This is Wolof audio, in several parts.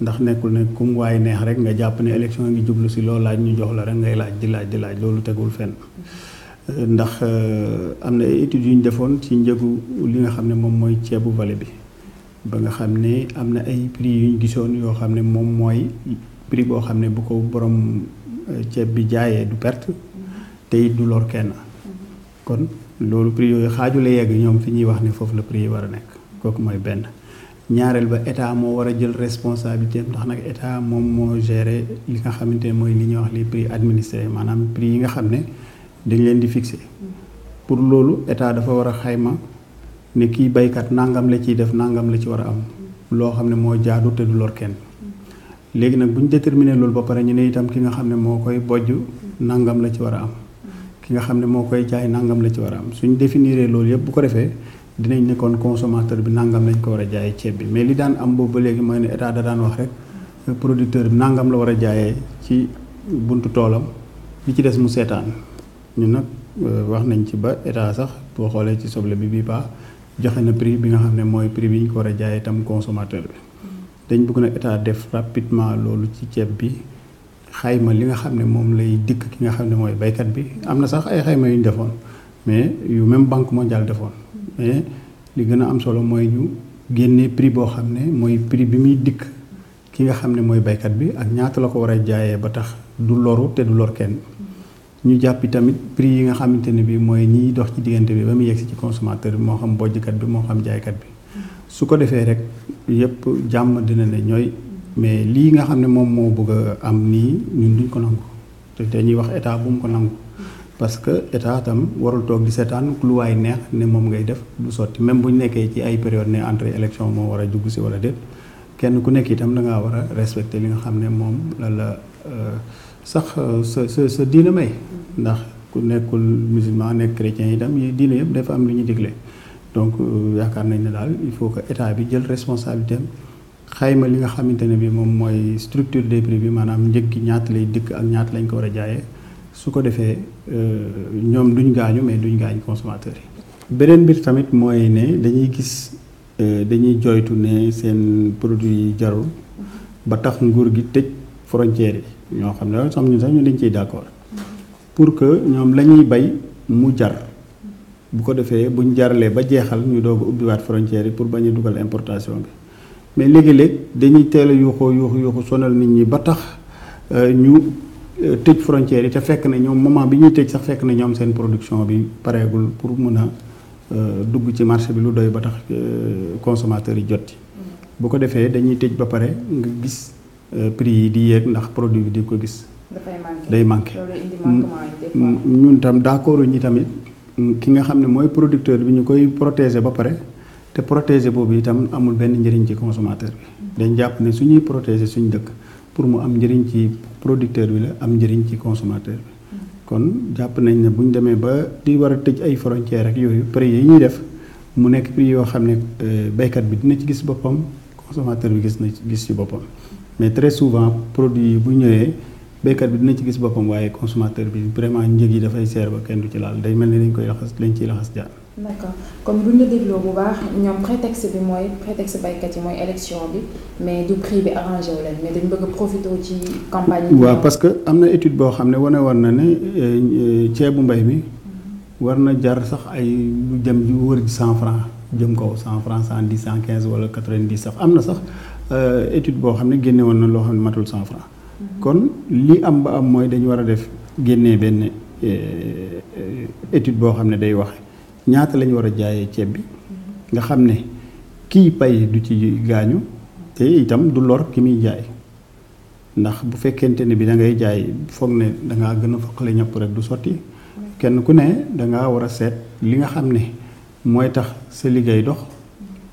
ndax nekkul ne kum waaye neex rek nga jàpp ne élection ngi jublu si loo laaj ñu jox la rek ngay laaj di laaj di laaj loolu tegul fenn ndax am na ay études yu ñu defoon ci njëgu li nga xam ne moom mooy ceebu vallée bi ba nga xam ne am na ay prix yu ñu gisoon yoo xam ne moom mooy prix boo xam ne bu ko borom ceeb bi jaayee du perte te it du lor kenn kon loolu prix yooyu xaaju la yegg ñoom fi ñuy wax ne foofu la prix yi war a nekk kooku mooy benn ñaareel ba état moo war a jël responsabilité ndax nag état moom moo gérer li nga xamante ne mooy li ñuy wax les prix administrés maanaam prix yi nga xam ne dañ leen di fixer pour loolu état dafa war a xayma ne kii baykat nangam la ciy def nangam la ci war a am loo xam ne moo jaadu te du lor kenn léegi nag bu déterminer loolu ba pare ñu ne itam ki nga xam ne moo koy bojj nangam la ci war a am ki nga xam ne moo koy jaay nangam la ci war am suñ définiré loolu yëpp bu ko defee dinañ ne kon consommateur bi nangam lañ ko war a jaayee ceeb bi mais li daan am boobu ba léegi mooy ne état da daan wax rek euh, producteur bi nangam la war a jaayee ci buntu toolam bi ci des mu seetaan ñu nag euh, wax nañ ci ba état sax boo xoolee ci soble bi bi baax joxe na prix bi nga xam ne mooy prix bi ñu ko war a jaayee itam consommateur bi dañ bëgg na état def rapidement loolu ci ceeb bi xayma li nga xam ne moom lay dikk ki nga xam ne mooy baykat bi am na sax ay xayma yu ñu defoon mais yu même banque mondiale defoon mais li gëna am solo mooy ñu génnee prix boo xam ne mooy prix bi muy dikk ki nga xam ne mooy baykat bi ak ñaata la ko war a jaayee ba tax du loru te du lor kenn ñu jàpp tamit prix yi nga xamante ne bi mooy ñiy dox ci diggante bi ba mu yegsi ci consommateur bi moo xam bojjkat bi moo xam jaaykat bi su ko defee rek yépp jàmm dina ne ñooy mais lii nga xam ne moom moo bëgg a am nii ñun duñ ko nangu te dañuy wax état bu mu ko nangu parce que état tam warul toog di seetaan lu waay neex ne moom ngay def du sotti même bu ñu nekkee ci ay période ne entrée élection moo war a jugg si wala déet kenn ku nekk itam da ngaa war a respecter li nga xam ne moom la la euh, sax euh, sa sa sa diina may ndax ku nekkul musulman nekk chrétien itam yi diine yëpp dafa am lu ñu digle donc euh, yaakaar nañ ne daal il faut que état bi jël responsabilité xayma li nga xamante ne bi moom mooy structure des prix bi maanaam njëg ñaata lay dikk ak ñaata lañ ko war a jaayee su ko defee euh, ñoom duñ gaañu mais duñ gaañ consommateur yi beneen bir tamit mooy ne dañuy gis euh, dañuy joytu ne seen produit yi jarul ba tax nguur gi tëj frontière yi ñoo xam ne sam ñun sax ñu dañ ciy d' accord pour que ñoom la ñuy bay mu jar bu ko defee buñ jarlee ba jeexal ñu doog a ubbiwaat frontière yi pour bañ a dugal importation bi mais léegi-léeg dañuy teel a yuuxoo yuuxu yuuxu sonal nit ñi ba tax euh, ñu tej frontière yi te fekk na ñoom moment bi ñuy tej sax fekk na ñoom seen production bi pareegul pour mën a euh, dugg ci marché bi lu doy ba tax euh, consommateurs yi jotti mm-hmm. bu ko defee dañuy tëj ba pare nga gis euh, prix yi di yéeg ndax produit bi di ko gis. day manqué mm-hmm. ñun tam d'accord ñi tamit ki nga xam ne mooy producteur bi ñu koy protéger ba pare te protéger boobu itam amul benn njëriñ ci consommateur bi. Mm-hmm. dañ jàpp ne suñuy protéger suñ dëkk. pour mu am njëriñ ci producteur bi la am njëriñ ci consommateur kon jàpp nañ ne buñ demee ba di war a tëj ay frontières rek yooyu prix yi ñuy def mu nekk prix yoo xam ne euh, béykat bi dina ci gis boppam consommateur bi gis na gis ci boppam mais très souvent produit yi bu ñëwee béykat bi dina ci gis boppam waaye consommateur bi vraiment njëg yi dafay seer ba kenn du ci laal day mel ni dañ koy laxas dañ ciy laxas jaar. d'accord comme bu ñu dégloo bu baax ñoom prétexte bi mooy prétexte baykat yi mooy élection bi mais du prix bi arrangé wu leen mais dañ bëgg a profité ci campagne bi. waaw parce que am na étude boo xam ne wane war na ne euh, ceebu mbay mi war na jar sax ay lu jëm ji wër ji cent franc jëm kaw cent franc cent dix cent quinze wala quatre vingt dix sax am na sax euh, étude boo xam ne génne woon na loo xam ne matul cent franc. kon li am ba am moy dañu wara def def ben euh eh, étude bo xamné day wax ñaata lañu wara jaayé jaayee ceeb bi nga xamné ki pay du ci gañu té itam du lor ki mi jaay ndax bu fekkente ni bi da ngay jaay foog ne da ngaa gën fokk foqale ñëpp rek du sotti kenn ku ne da ngaa wara set li nga xamné moy tax sa liggéey dox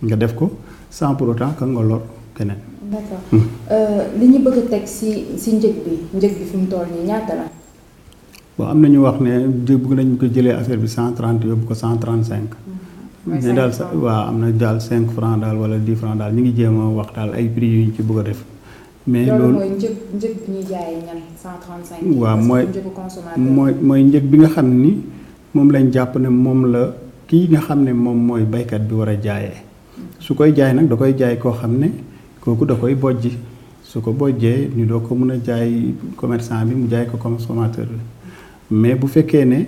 nga def ko sans pour autant ka nga lor keneen d'accord euh, li ñu bëgg teg si njëg bi njëg bi fi mu nii ñaata la. bon am na ñu wax ne jë bëgg nañ ko jëlee affaire bi cent trente yóbbu ko cent trente cinq. Mm-hmm. mais daal sa waa am na daal cinq franc daal wala dix franc daal ñu ngi jéem a wax daal ay prix yu ñu ci bëgg a def. mais loolu mooy njëg bi mooy mooy bi nga xam ni moom lañ jàpp ne moom la kii nga xam ne moom mooy baykat bi war a jaayee. Mm-hmm. su koy jaay nag da koy jaay koo xam ne. kooku da koy bojji su ko bojjee ñu doo ko mën a jaay commerçant bi mu jaay ko consommateur bi mais bu fekkee ne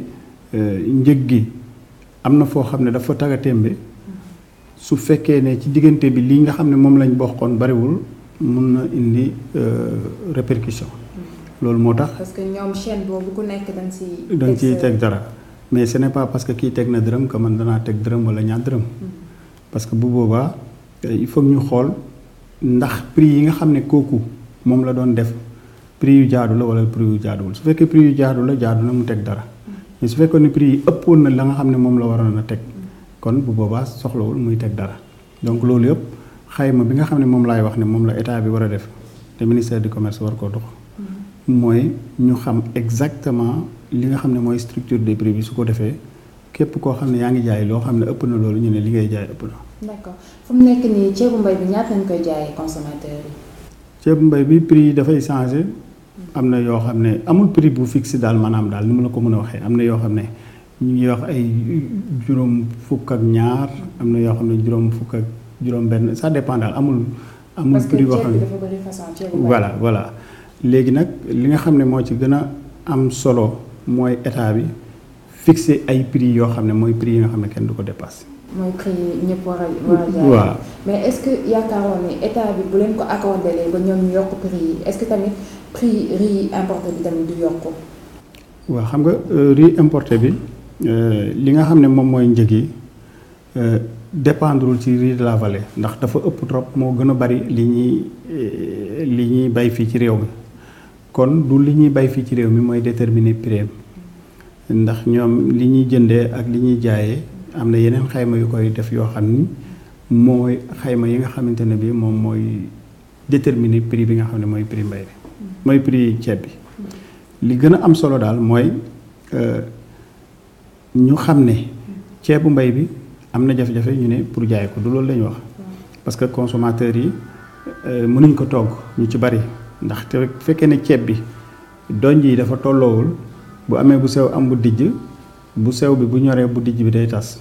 euh, njëg gi am na foo xam ne dafa tagatémbe su fekkee ne ci diggante bi lii nga xam ne moom lañ bokkoon bariwul mun na indi euh, répercussion loolu moo tax. parce que ñoom chaîne boobu ku nekk dañ ciy. dañ ciy teg dara mais ce n'est pas parce que kii teg na dërëm que man danaa teg dërëm wala ñaar dërëm. Mm-hmm. parce que bu boobaa euh, il faut ñu xool. ndax prix yi nga xam ne kooku moom la doon def prix yu jaadu la wala prix yu jaaduwul su fekkee prix yu jaadu la jaadu na mu teg dara mm. mais su fekkoon ne prix yi ëppoon na la nga xam ne moom la waroon a teg kon bu boobaa soxlawul muy teg dara donc loolu yëpp xayma bi nga xam ne moom laay wax ne moom la état bi war a def te ministère du commerce war koo dox mm. mooy ñu xam exactement li nga xam ne mooy structure des prix bi su ko defee képp koo xam ne yaa ngi jaay loo xam ne ëpp na loolu ñu ne li ngay jaay ëpp na d'accord fu mu nekk ceebu mbay bi ñaata yi. dafay changer am na yoo xam ne amul prix bu fixe daal maanaam daal ni ma la ko mën a waxee am na yoo xam ne ñu ngi wax ay juróom fukk ak ñaar am na yoo xam ne juróom fukk ak juróom benn ça dépend daal amul. amul prix boo xam ne parce que léegi nag li nga xam ne moo ci gën a am solo mooy état bi fixer ay prix yoo xam ne mooy prix yi nga xam ne kenn du ko dépasser. mooy xëy ñëpp war a war waaw mais est-ce que yaakaaroon ni état bi bu leen ko accordé ba ñoom ñu yokk prix yi est-ce que tamit prix riz importé bi tamit du yokk waaw xam nga euh, riz importé bi euh, li nga xam ne moom mooy njëg yi euh, ci riz de la vallée ndax dafa ëpp trop moo gën a bari li ñuy li ñuy bay fii ci réew mi kon du li ñuy bay fii ci réew mi mooy déterminer prix ndax ñoom li ñuy jëndee ak li ñuy jaayee am na yeneen xayma yu koy def yoo xam ni mooy xayma yi nga xamante ne bi moom mooy déterminer prix bi nga xam ne prix mbay bi prix ceeb bi li gën am solo daal mooy euh, ñu xam ne mbay bi am na jafe-jafe ñu ne pour jaay ko du loolu lañu wax parce que consommateurs yi euh, mënuñ ko togg ñu ci bari ndax te fekkee ne bi donj yi dafa tolloowul bu amee bu sew am bu dijj bu sew bi bu ñoree bu dijj bi day tas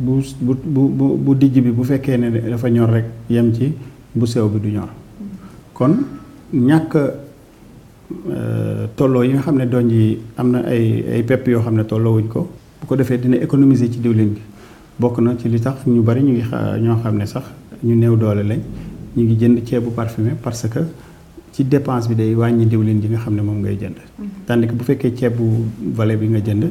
mm-hmm. bu bu bu bu dijj bi bu fekkee ne dafa ñor rek yem ci bu sew bi du ñor mm-hmm. kon ñàkk euh, tolloo yi nga xam ne doñ yi am na ay ay pepp yoo xam ne wuñ ko bu ko defee dina économiser ci diwlin bi bokk na ci li tax ñu bari ñu ngi ñoo xam ne sax ñu néew doole lañ ñu ngi jënd ceebu parfumé parce que ci dépense bi day wàññi diwlin yi nga xam ne moom ngay jënd mm-hmm. tandis que bu fekkee ceebu valet bi nga jënd